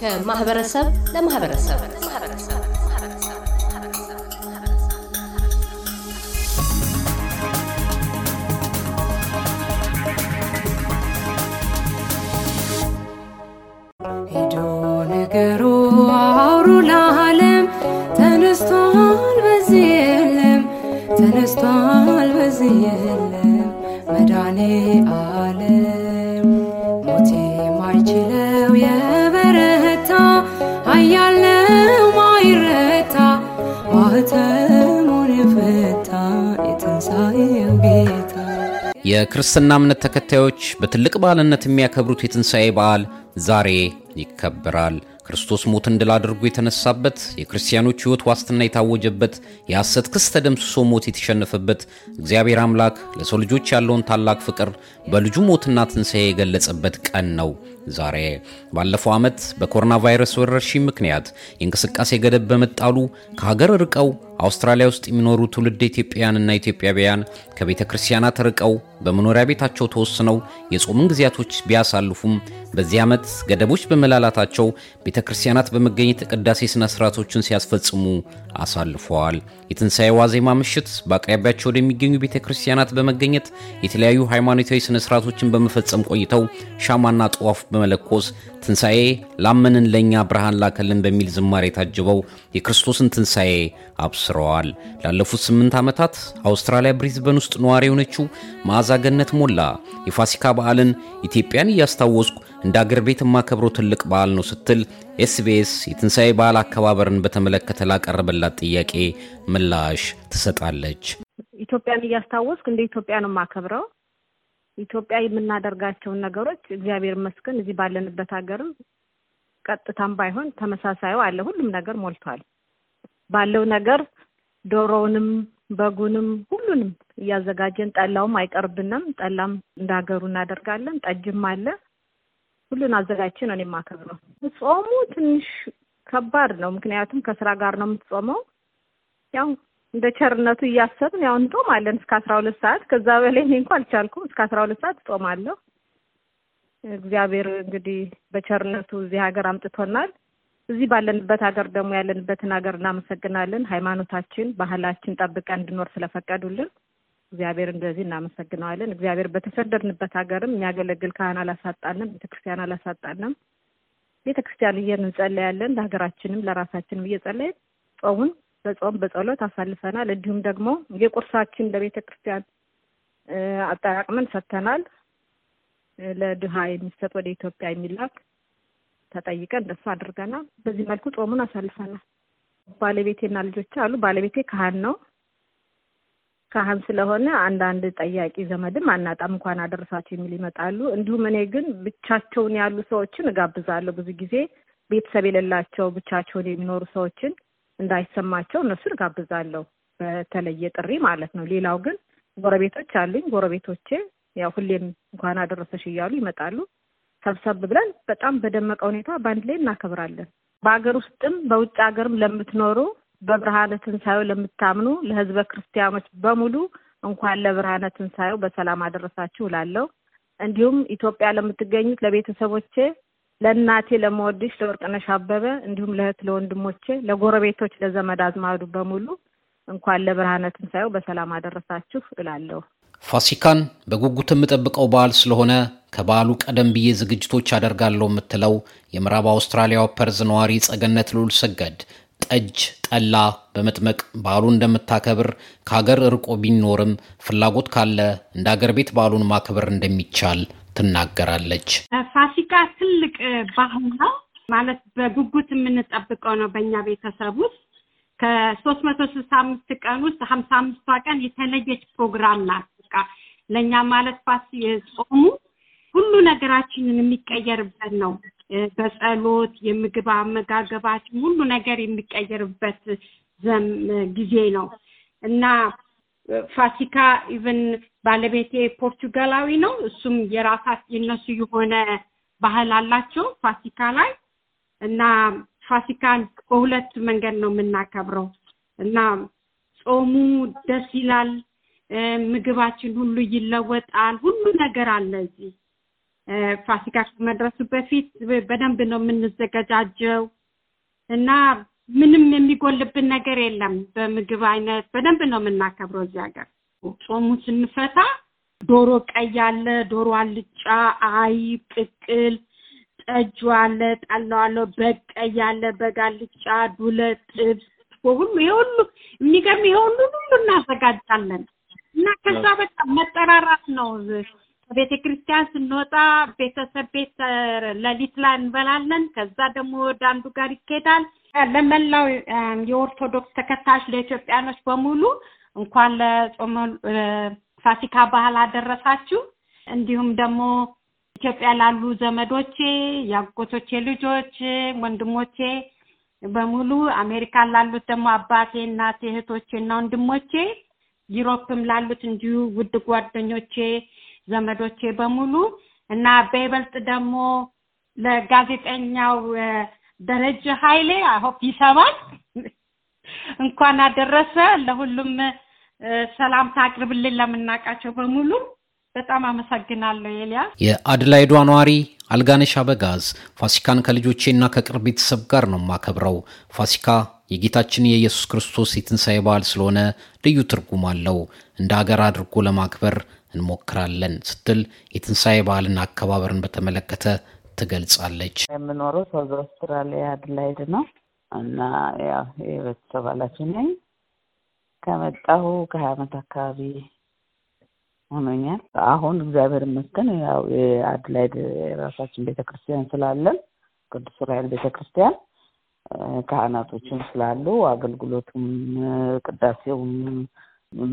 ከማህበረሰብ ለማህበረሰብ ሄዶ የፈታ የትንሣኤው ጌታ። የክርስትና እምነት ተከታዮች በትልቅ በዓልነት የሚያከብሩት የትንሣኤ በዓል ዛሬ ይከበራል። ክርስቶስ ሞትን ድል አድርጎ የተነሳበት የክርስቲያኖች ሕይወት ዋስትና የታወጀበት የሐሰት ክስ ተደምስሶ ሞት የተሸነፈበት እግዚአብሔር አምላክ ለሰው ልጆች ያለውን ታላቅ ፍቅር በልጁ ሞትና ትንሣኤ የገለጸበት ቀን ነው ዛሬ። ባለፈው ዓመት በኮሮና ቫይረስ ወረርሽኝ ምክንያት የእንቅስቃሴ ገደብ በመጣሉ ከሀገር ርቀው አውስትራሊያ ውስጥ የሚኖሩ ትውልድ ኢትዮጵያውያንና ኢትዮጵያውያን ከቤተ ክርስቲያናት ርቀው በመኖሪያ ቤታቸው ተወስነው የጾምን ጊዜያቶች ቢያሳልፉም በዚህ ዓመት ገደቦች በመላላታቸው ቤተ ክርስቲያናት በመገኘት ቅዳሴ ሥነ ሥርዓቶችን ሲያስፈጽሙ አሳልፈዋል። የትንሣኤ ዋዜማ ምሽት በአቅራቢያቸው ወደሚገኙ ቤተ ክርስቲያናት በመገኘት የተለያዩ ሃይማኖታዊ ስነ ስርዓቶችን በመፈጸም ቆይተው ሻማና ጠዋፍ በመለኮስ ትንሣኤ ላመንን ለእኛ ብርሃን ላከልን በሚል ዝማሬ ታጅበው የክርስቶስን ትንሣኤ አብስረዋል። ላለፉት ስምንት ዓመታት አውስትራሊያ ብሪዝበን ውስጥ ነዋሪ የሆነችው መዓዛ ገነት ሞላ የፋሲካ በዓልን ኢትዮጵያን እያስታወስኩ እንደ አገር ቤት የማከብረው ትልቅ በዓል ነው ስትል ኤስቢኤስ የትንሣኤ በዓል አከባበርን በተመለከተ ላቀረበላት ጥያቄ ምላሽ ትሰጣለች። ኢትዮጵያን እያስታወስኩ እንደ ኢትዮጵያ ነው የማከብረው ኢትዮጵያ የምናደርጋቸውን ነገሮች እግዚአብሔር ይመስገን እዚህ ባለንበት ሀገርም ቀጥታም ባይሆን ተመሳሳዩ አለ። ሁሉም ነገር ሞልቷል። ባለው ነገር ዶሮውንም በጉንም ሁሉንም እያዘጋጀን ጠላውም አይቀርብንም። ጠላም እንደ ሀገሩ እናደርጋለን። ጠጅም አለ። ሁሉን አዘጋጅቼ ነው እኔ የማከብረው። ጾሙ ትንሽ ከባድ ነው፣ ምክንያቱም ከስራ ጋር ነው የምትጾመው ያው እንደ ቸርነቱ እያሰብን ያው እንጦማለን እስከ አስራ ሁለት ሰዓት ከዛ በላይ እኔ እንኳ አልቻልኩም። እስከ አስራ ሁለት ሰዓት እጦማለሁ። እግዚአብሔር እንግዲህ በቸርነቱ እዚህ ሀገር አምጥቶናል። እዚህ ባለንበት ሀገር ደግሞ ያለንበትን ሀገር እናመሰግናለን። ሃይማኖታችን፣ ባህላችን ጠብቀን እንድኖር ስለፈቀዱልን እግዚአብሔር እንደዚህ እናመሰግነዋለን። እግዚአብሔር በተሰደድንበት ሀገርም የሚያገለግል ካህን አላሳጣንም፣ ቤተክርስቲያን አላሳጣንም። ቤተክርስቲያን እየንጸለያለን ለሀገራችንም ለራሳችንም እየጸለይን ጾሙን በጾም በጸሎት አሳልፈናል። እንዲሁም ደግሞ የቁርሳችን ለቤተ ክርስቲያን አጠራቅመን ሰጥተናል። ለድሃ የሚሰጥ ወደ ኢትዮጵያ የሚላክ ተጠይቀን እንደሱ አድርገናል። በዚህ መልኩ ጾሙን አሳልፈናል። ባለቤቴና ልጆች አሉ። ባለቤቴ ካህን ነው። ካህን ስለሆነ አንዳንድ ጠያቂ ዘመድም አናጣም እንኳን አደረሳቸው የሚል ይመጣሉ። እንዲሁም እኔ ግን ብቻቸውን ያሉ ሰዎችን እጋብዛለሁ። ብዙ ጊዜ ቤተሰብ የሌላቸው ብቻቸውን የሚኖሩ ሰዎችን እንዳይሰማቸው እነሱን ጋብዛለሁ። በተለየ ጥሪ ማለት ነው። ሌላው ግን ጎረቤቶች አሉኝ። ጎረቤቶቼ ያው ሁሌም እንኳን አደረሰሽ እያሉ ይመጣሉ። ሰብሰብ ብለን በጣም በደመቀ ሁኔታ በአንድ ላይ እናከብራለን። በሀገር ውስጥም በውጭ ሀገርም ለምትኖሩ በብርሃነ ትንሣኤው ለምታምኑ ለህዝበ ክርስቲያኖች በሙሉ እንኳን ለብርሃነ ትንሣኤው በሰላም አደረሳችሁ እላለሁ። እንዲሁም ኢትዮጵያ ለምትገኙት ለቤተሰቦቼ ለእናቴ ለመወድሽ ለወርቅነሽ አበበ እንዲሁም ለእህት ለወንድሞቼ፣ ለጎረቤቶች፣ ለዘመድ አዝማዱ በሙሉ እንኳን ለብርሃነ ትንሣኤው በሰላም አደረሳችሁ እላለሁ። ፋሲካን በጉጉት የምጠብቀው በዓል ስለሆነ ከበዓሉ ቀደም ብዬ ዝግጅቶች አደርጋለሁ የምትለው የምዕራብ አውስትራሊያው ፐርዝ ነዋሪ ጸገነት ልዑል ሰገድ ጠጅ ጠላ በመጥመቅ በዓሉ እንደምታከብር ከሀገር እርቆ ቢኖርም ፍላጎት ካለ እንደ አገር ቤት በዓሉን ማክበር እንደሚቻል ትናገራለች። ፋሲካ ትልቅ ባህል ነው ማለት በጉጉት የምንጠብቀው ነው። በእኛ ቤተሰብ ውስጥ ከሶስት መቶ ስልሳ አምስት ቀን ውስጥ ሀምሳ አምስቷ ቀን የተለየች ፕሮግራም ናት። በቃ ለእኛ ማለት ፋሲ የጾሙ ሁሉ ነገራችንን የሚቀየርበት ነው። በጸሎት የምግብ አመጋገባችን ሁሉ ነገር የሚቀየርበት ጊዜ ነው እና ፋሲካ ኢቨን ባለቤቴ ፖርቹጋላዊ ነው። እሱም የራሳት የነሱ የሆነ ባህል አላቸው ፋሲካ ላይ እና ፋሲካን በሁለት መንገድ ነው የምናከብረው እና ጾሙ ደስ ይላል። ምግባችን ሁሉ ይለወጣል። ሁሉ ነገር አለ እዚህ ፋሲካ ከመድረሱ በፊት በደንብ ነው የምንዘገጃጀው እና ምንም የሚጎልብን ነገር የለም። በምግብ አይነት በደንብ ነው የምናከብረው እዚህ ሀገር። ጾሙ ስንፈታ ዶሮ ቀይ አለ፣ ዶሮ አልጫ፣ አይ፣ ቅቅል፣ ጠጁ አለ፣ ጠላው አለ፣ በግ ቀይ አለ፣ በግ አልጫ፣ ዱለት፣ ጥብስ ሁሉ ይሄ ሁሉ የሚገርም ይሄ ሁሉ ሁሉ እናዘጋጃለን እና ከዛ በቃ መጠራራት ነው ከቤተ ክርስቲያን ስንወጣ ቤተሰብ ቤት ለሊት ላይ እንበላለን። ከዛ ደግሞ ወደ አንዱ ጋር ይኬዳል። ለመላው የኦርቶዶክስ ተከታዮች ለኢትዮጵያኖች በሙሉ እንኳን ለጾመ ፋሲካ ባህል አደረሳችሁ። እንዲሁም ደግሞ ኢትዮጵያ ላሉ ዘመዶቼ፣ የአጎቶቼ ልጆች፣ ወንድሞቼ በሙሉ አሜሪካን ላሉት ደግሞ አባቴ፣ እናቴ፣ እህቶቼ እና ወንድሞቼ ዩሮፕም ላሉት እንዲሁ ውድ ጓደኞቼ ዘመዶቼ በሙሉ እና በይበልጥ ደግሞ ለጋዜጠኛው ደረጀ ኃይሌ አይሆፕ ይሰማል። እንኳን አደረሰ። ለሁሉም ሰላምታ አቅርብልን ለምናውቃቸው በሙሉ በጣም አመሰግናለሁ ኤልያስ። የአድላይዷ ነዋሪ አልጋነሽ አበጋዝ ፋሲካን ከልጆቼና ከቅርብ ቤተሰብ ጋር ነው የማከብረው። ፋሲካ የጌታችን የኢየሱስ ክርስቶስ የትንሣኤ በዓል ስለሆነ ልዩ ትርጉም አለው። እንደ አገር አድርጎ ለማክበር እንሞክራለን ስትል የትንሣኤ በዓልን አከባበርን በተመለከተ ትገልጻለች። የምኖረው ሳውዝ አውስትራሊያ አድላይድ ነው እና ያው የቤተሰብ ኃላፊ ነኝ። ከመጣሁ ከሀያ ዓመት አካባቢ ሆኖኛል። አሁን እግዚአብሔር ይመስገን ያው የአድላይድ የራሳችን ቤተ ክርስቲያን ስላለን ቅዱስ ዑራኤል ቤተ ክርስቲያን ካህናቶችም ስላሉ አገልግሎቱም ቅዳሴውም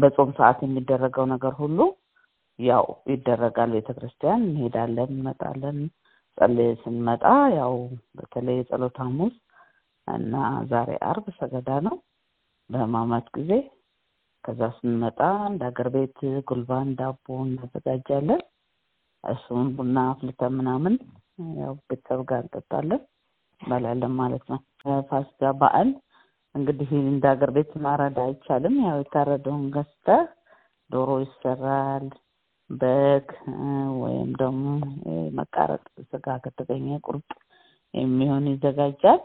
በጾም ሰዓት የሚደረገው ነገር ሁሉ ያው ይደረጋል። ቤተ ክርስቲያን እንሄዳለን፣ እንመጣለን። ጸልይ ስንመጣ ያው በተለይ የጸሎት ሐሙስ እና ዛሬ አርብ ሰገዳ ነው በህማማት ጊዜ። ከዛ ስንመጣ እንደ አገር ቤት ጉልባን ዳቦ እናዘጋጃለን። እሱን ቡና አፍልተን ምናምን ያው ቤተሰብ ጋር እንጠጣለን እንበላለን ማለት ነው። ፋሲካ በዓል እንግዲህ እንደ አገር ቤት ማረድ አይቻልም። ያው የታረደውን ገዝተህ ዶሮ ይሰራል በግ ወይም ደግሞ መቃረጥ ስጋ ከተገኘ ቁርጥ የሚሆን ይዘጋጃል።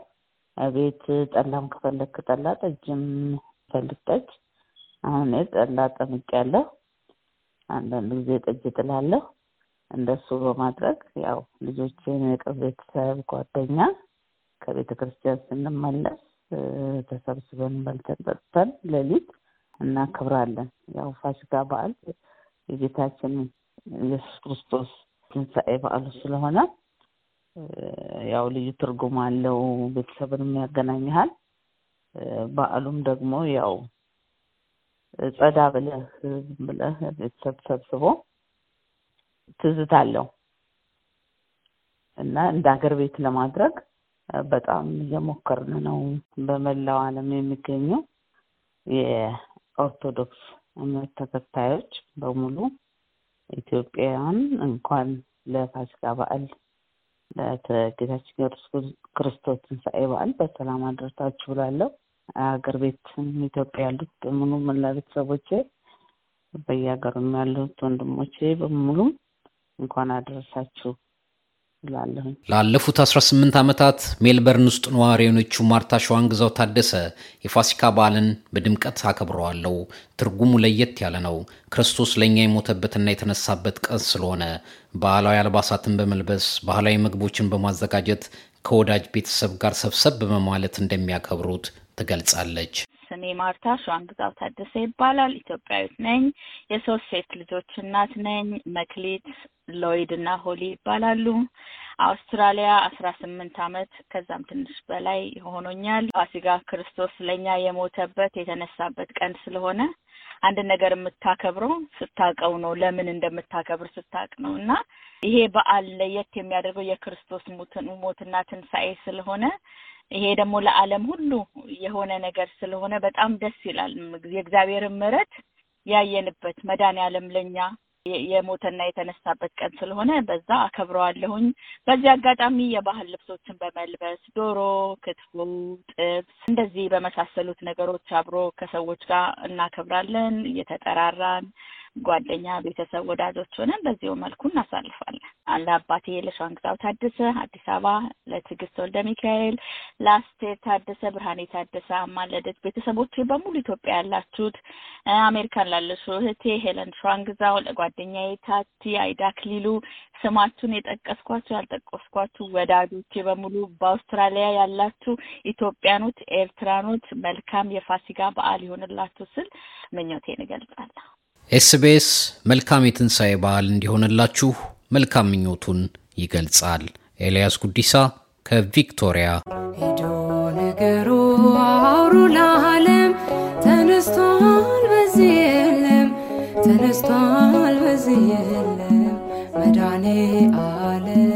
ቤት ጠላም ከፈለክ ጠላ፣ ጠጅም ፈልግ ጠጅ። አሁን ጠላ ጠምቄያለሁ። አንዳንድ ጊዜ ጠጅ እጥላለሁ። እንደሱ በማድረግ ያው ልጆችን፣ የቅርብ ቤተሰብ፣ ጓደኛ ከቤተ ክርስቲያን ስንመለስ ተሰብስበን በልተን ጠጥተን ሌሊት እናከብራለን። ያው ፋሲካ በዓል የጌታችን ኢየሱስ ክርስቶስ ትንሣኤ በዓሉ ስለሆነ ያው ልዩ ትርጉም አለው። ቤተሰብንም ያገናኝሃል። በዓሉም ደግሞ ያው ጸዳ ብለህ ብለህ ቤተሰብ ሰብስቦ ትዝታ አለው እና እንደ ሀገር ቤት ለማድረግ በጣም እየሞከርን ነው። በመላው ዓለም የሚገኙ የኦርቶዶክስ እምነት ተከታዮች በሙሉ ኢትዮጵያውያን እንኳን ለፋሲካ በዓል ለጌታችን ኢየሱስ ክርስቶስ ትንሣኤ በዓል በሰላም አድርሳችሁ ብላለሁ። ሀገር ቤትም ኢትዮጵያ ያሉት በሙሉ መላ ቤተሰቦቼ፣ በየሀገሩም ያሉት ወንድሞቼ በሙሉ እንኳን አደረሳችሁ እላለሁኝ። ላለፉት 18 ዓመታት ሜልበርን ውስጥ ነዋሪ የሆነችው ማርታ ሸዋንግዛው ታደሰ የፋሲካ በዓልን በድምቀት አከብረዋለሁ። ትርጉሙ ለየት ያለ ነው። ክርስቶስ ለእኛ የሞተበትና የተነሳበት ቀን ስለሆነ ባህላዊ አልባሳትን በመልበስ ባህላዊ ምግቦችን በማዘጋጀት ከወዳጅ ቤተሰብ ጋር ሰብሰብ በማለት እንደሚያከብሩት ትገልጻለች። ስሜ ማርታ ሸዋንግዛው ታደሰ ይባላል። ኢትዮጵያዊት ነኝ። የሶስት ሴት ልጆች እናት ነኝ። መክሊት ሎይድ እና ሆሊ ይባላሉ። አውስትራሊያ አስራ ስምንት አመት ከዛም ትንሽ በላይ ሆኖኛል። ፋሲጋ ክርስቶስ ለእኛ የሞተበት የተነሳበት ቀን ስለሆነ አንድ ነገር የምታከብረው ስታውቀው ነው። ለምን እንደምታከብር ስታውቅ ነው። እና ይሄ በዓል ለየት የሚያደርገው የክርስቶስ ሞትና ትንሣኤ ስለሆነ ይሄ ደግሞ ለዓለም ሁሉ የሆነ ነገር ስለሆነ በጣም ደስ ይላል። የእግዚአብሔርን ምሕረት ያየንበት መድኃኔዓለም ለእኛ የሞተና የተነሳበት ቀን ስለሆነ በዛ አከብረዋለሁኝ። በዚህ አጋጣሚ የባህል ልብሶችን በመልበስ ዶሮ፣ ክትፎ፣ ጥብስ እንደዚህ በመሳሰሉት ነገሮች አብሮ ከሰዎች ጋር እናከብራለን። እየተጠራራን ጓደኛ፣ ቤተሰብ፣ ወዳጆች ሆነን በዚሁ መልኩ እናሳልፋለን። አባቴ ለሸዋን ለሸዋንግዛው ታደሰ አዲስ አበባ፣ ለትዕግስት ወልደ ሚካኤል፣ ለአስቴር ታደሰ፣ ብርሃኔ ታደሰ፣ አማለደት ቤተሰቦች በሙሉ ኢትዮጵያ ያላችሁት አሜሪካን ላለሹ እህቴ ሄለን ሸዋንግዛው፣ ለጓደኛዬ ታቲ አይዳ ክሊሉ፣ ስማችሁን የጠቀስኳችሁ ያልጠቀስኳችሁ ወዳጆቼ በሙሉ በአውስትራሊያ ያላችሁ ኢትዮጵያኖች፣ ኤርትራኖች መልካም የፋሲጋ በዓል ይሆንላችሁ ስል ምኞቴን እገልጻለሁ። ኤስቢኤስ መልካም የትንሣኤ በዓል እንዲሆንላችሁ መልካም ምኞቱን ይገልጻል። ኤልያስ ጉዲሳ ከቪክቶሪያ ሄዶ ነገሩ አውሩ ለዓለም ተነስቷል፣ በዚህ የለም ተነስቷል፣ በዚህ የለም መድኃኔ ዓለም